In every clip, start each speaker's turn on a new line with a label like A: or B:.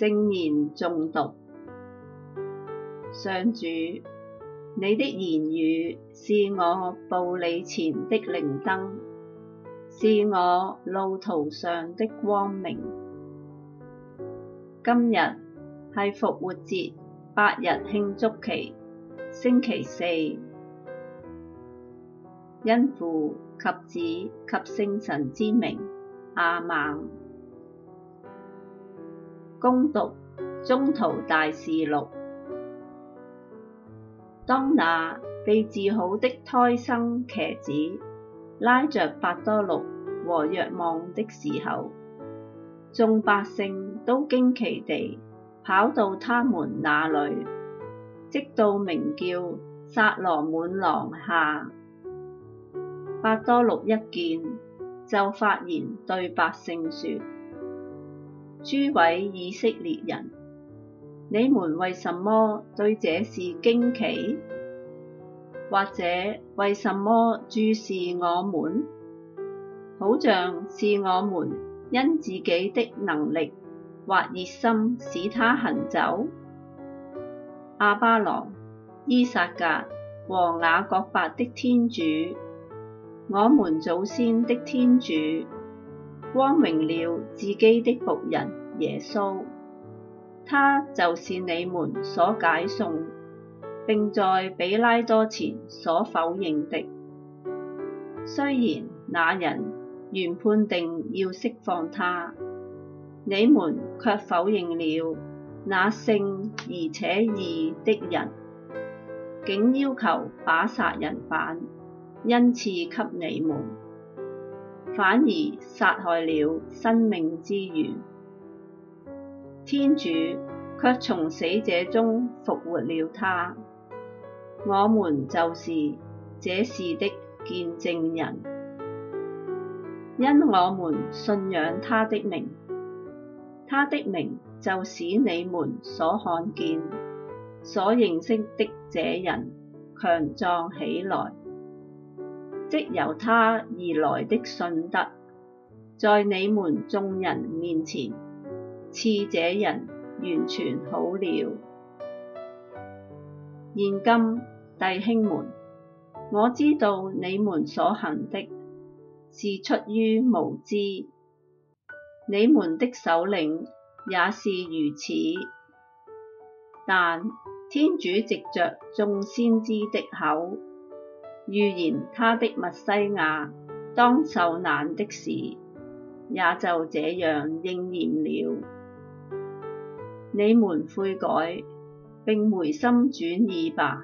A: 正言誦讀，上主，你的言語是我步履前的靈燈，是我路途上的光明。今日係復活節八日慶祝期，星期四，因父及子及聖神之名，亞孟。恭讀宗徒大事錄，當那被治好的胎生瘸子拉着伯多祿和若望的時候，眾百姓都驚奇地跑到他們那裏，即到名叫撒羅滿廊下，伯多祿一見就發言對百姓說。諸位以色列人，你們為什麼對這事驚奇？或者為什麼注視我們？好像是我們因自己的能力或熱心使他行走。亞巴郎、依撒格和雅各伯的天主，我們祖先的天主。光榮了自己的僕人耶穌，他就是你們所解送，並在比拉多前所否認的。雖然那人原判定要釋放他，你們卻否認了那聖而且義的人，竟要求把殺人犯，恩賜給你們。反而殺害了生命之原，天主卻從死者中復活了他。我們就是這事的見證人，因我們信仰他的名，他的名就使你們所看見、所認識的這人強壯起來。即由他而來的信德，在你們眾人面前，賜這人完全好了。現今，弟兄們，我知道你們所行的是出於無知，你們的首領也是如此。但天主藉着眾先知的口。預言他的默西亞當受難的事，也就這樣應驗了。你們悔改並回心轉意吧，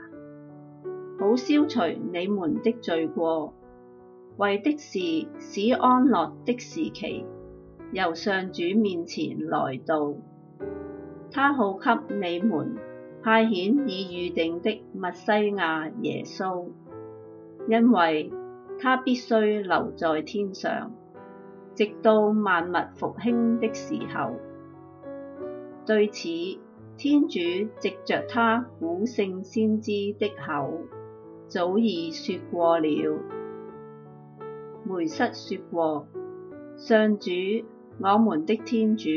A: 好消除你們的罪過，為的是使安樂的時期由上主面前來到。他好給你們派遣已預定的默西亞耶穌。因為他必須留在天上，直到萬物復興的時候。對此，天主藉着他古聖先知的口早已説過了。梅瑟説過：上主，我們的天主，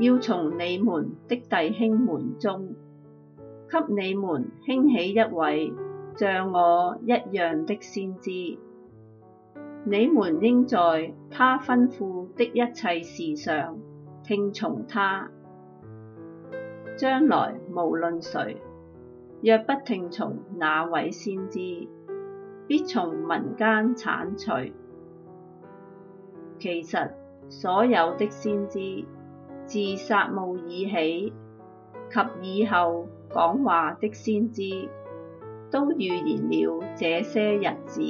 A: 要從你們的弟弟兄們中，給你們興起一位，像我一樣的先知，你們應在他吩咐的一切事上聽從他。將來無論誰，若不聽從那位先知，必從民間剷除。其實，所有的先知，自撒慕爾起，及以後講話的先知。都預言了這些日子，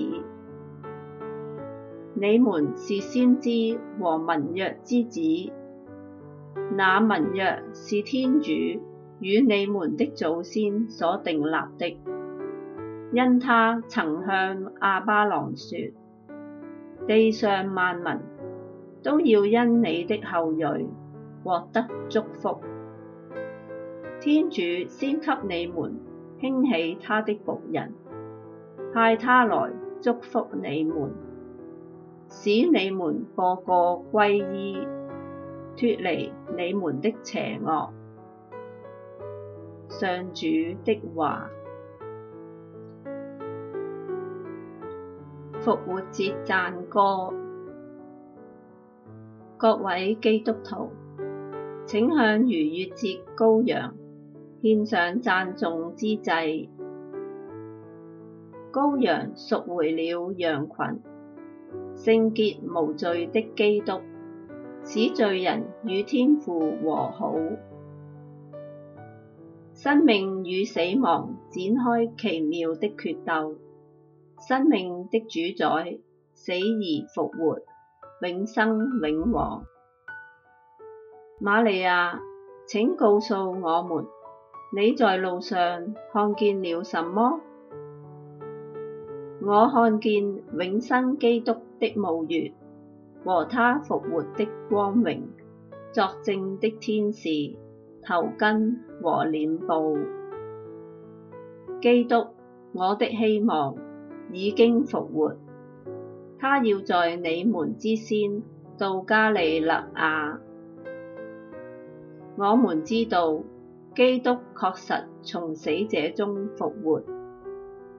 A: 你們是先知和盟約之子，那盟約是天主與你們的祖先所訂立的，因他曾向亞巴郎說：地上萬民，都要因你的後裔獲得祝福。天主先給你們。興起他的僕人，派他來祝福你們，使你們個個歸依，脫離你們的邪惡。上主的話，復活節讚歌。各位基督徒，請向逾越節羔羊。獻上讚頌之祭，羔羊贖回了羊群，聖潔無罪的基督，使罪人與天父和好。生命與死亡展開奇妙的決鬥，生命的主宰，死而復活，永生永王。瑪利亞，請告訴我們。你在路上看見了什麼？我看見永生基督的墓穴和他復活的光榮，作證的天使、頭巾和殮布。基督，我的希望已經復活，他要在你們之先到加里肋亞。我們知道。基督確實從死者中復活，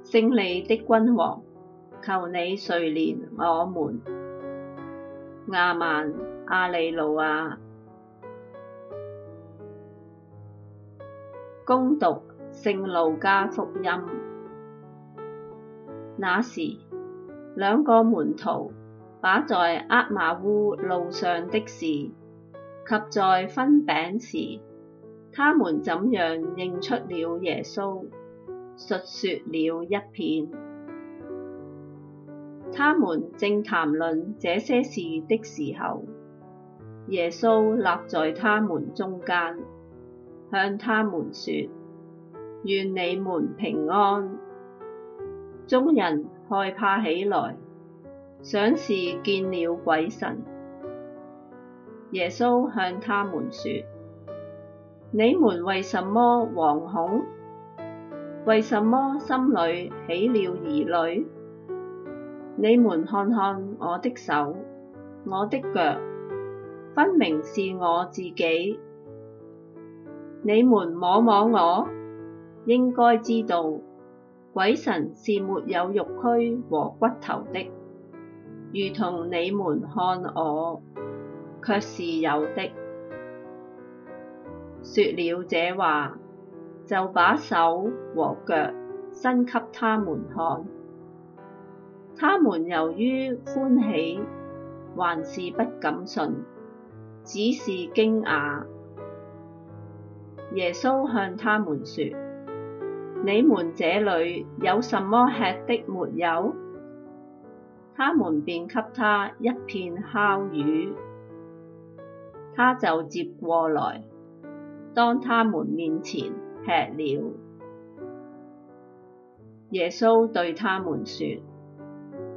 A: 勝利的君王，求你垂憐我們。亞孟。亞肋路亞。恭讀《聖路加福音》，那時兩個門徒把在厄瑪烏路上的事及在分餅時。他們怎樣認出了耶穌，述說了一遍。他們正談論這些事的時候，耶穌立在他們中間，向他們說：願你們平安。眾人害怕起來，想是見了鬼神。耶穌向他們說。你們為什麼惶恐？為什麼心裏起了疑慮？你們看看我的手，我的腳，分明是我自己。你們摸摸我，應該知道，鬼神是沒有肉軀和骨頭的，如同你們看我，卻是有的。說了這話，就把手和腳伸給他們看。他們由於歡喜，還是不敢信，只是驚訝。耶穌向他們說：你們這裏有什麼吃的沒有？他們便給他一片烤魚，他就接過來。當他們面前吃了，耶穌對他們説：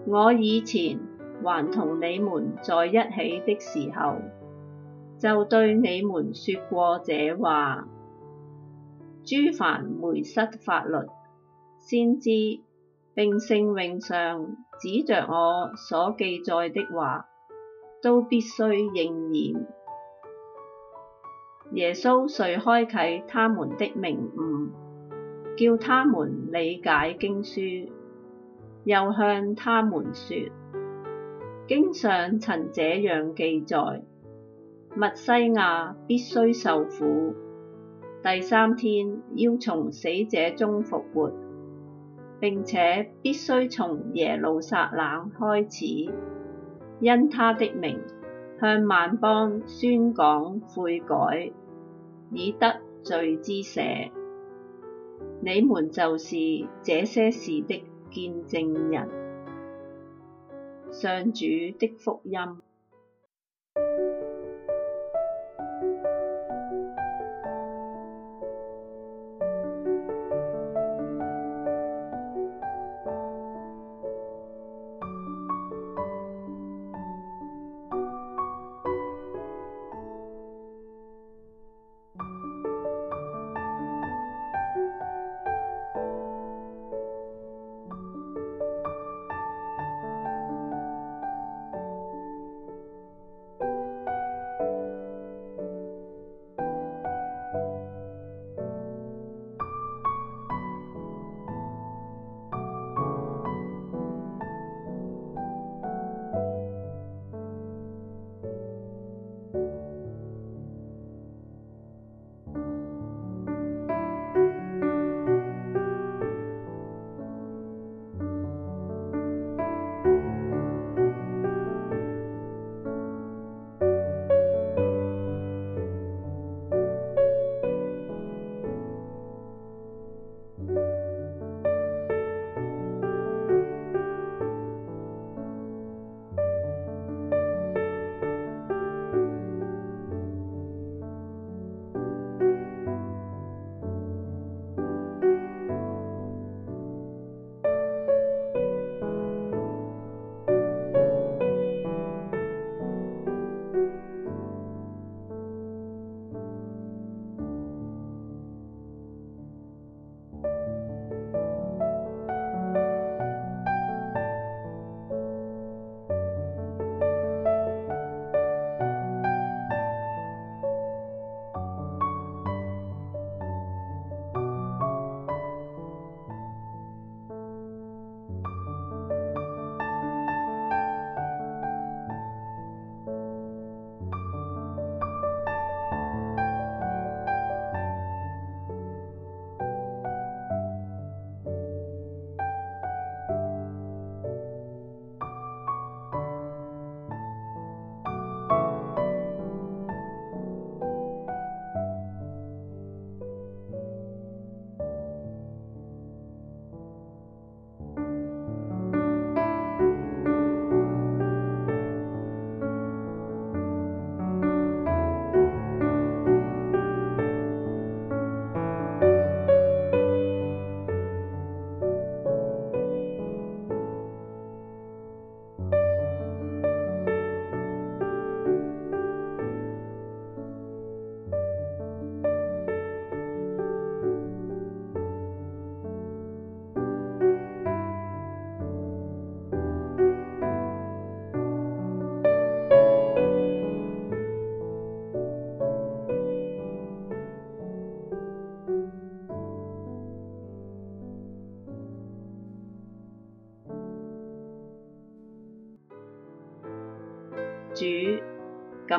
A: 我以前還同你們在一起的時候，就對你們説過這話。諸凡梅瑟法律、先知並聖詠上，指着我所記載的話，都必須應驗。耶穌遂開啟他們的明悟，叫他們理解經書，又向他們説：經上曾這樣記載，默西亞必須受苦，第三天要從死者中復活，並且必須從耶路撒冷開始，因他的名向萬邦宣講悔改。以得罪之赦，你們就是這些事的見證人，上主的福音。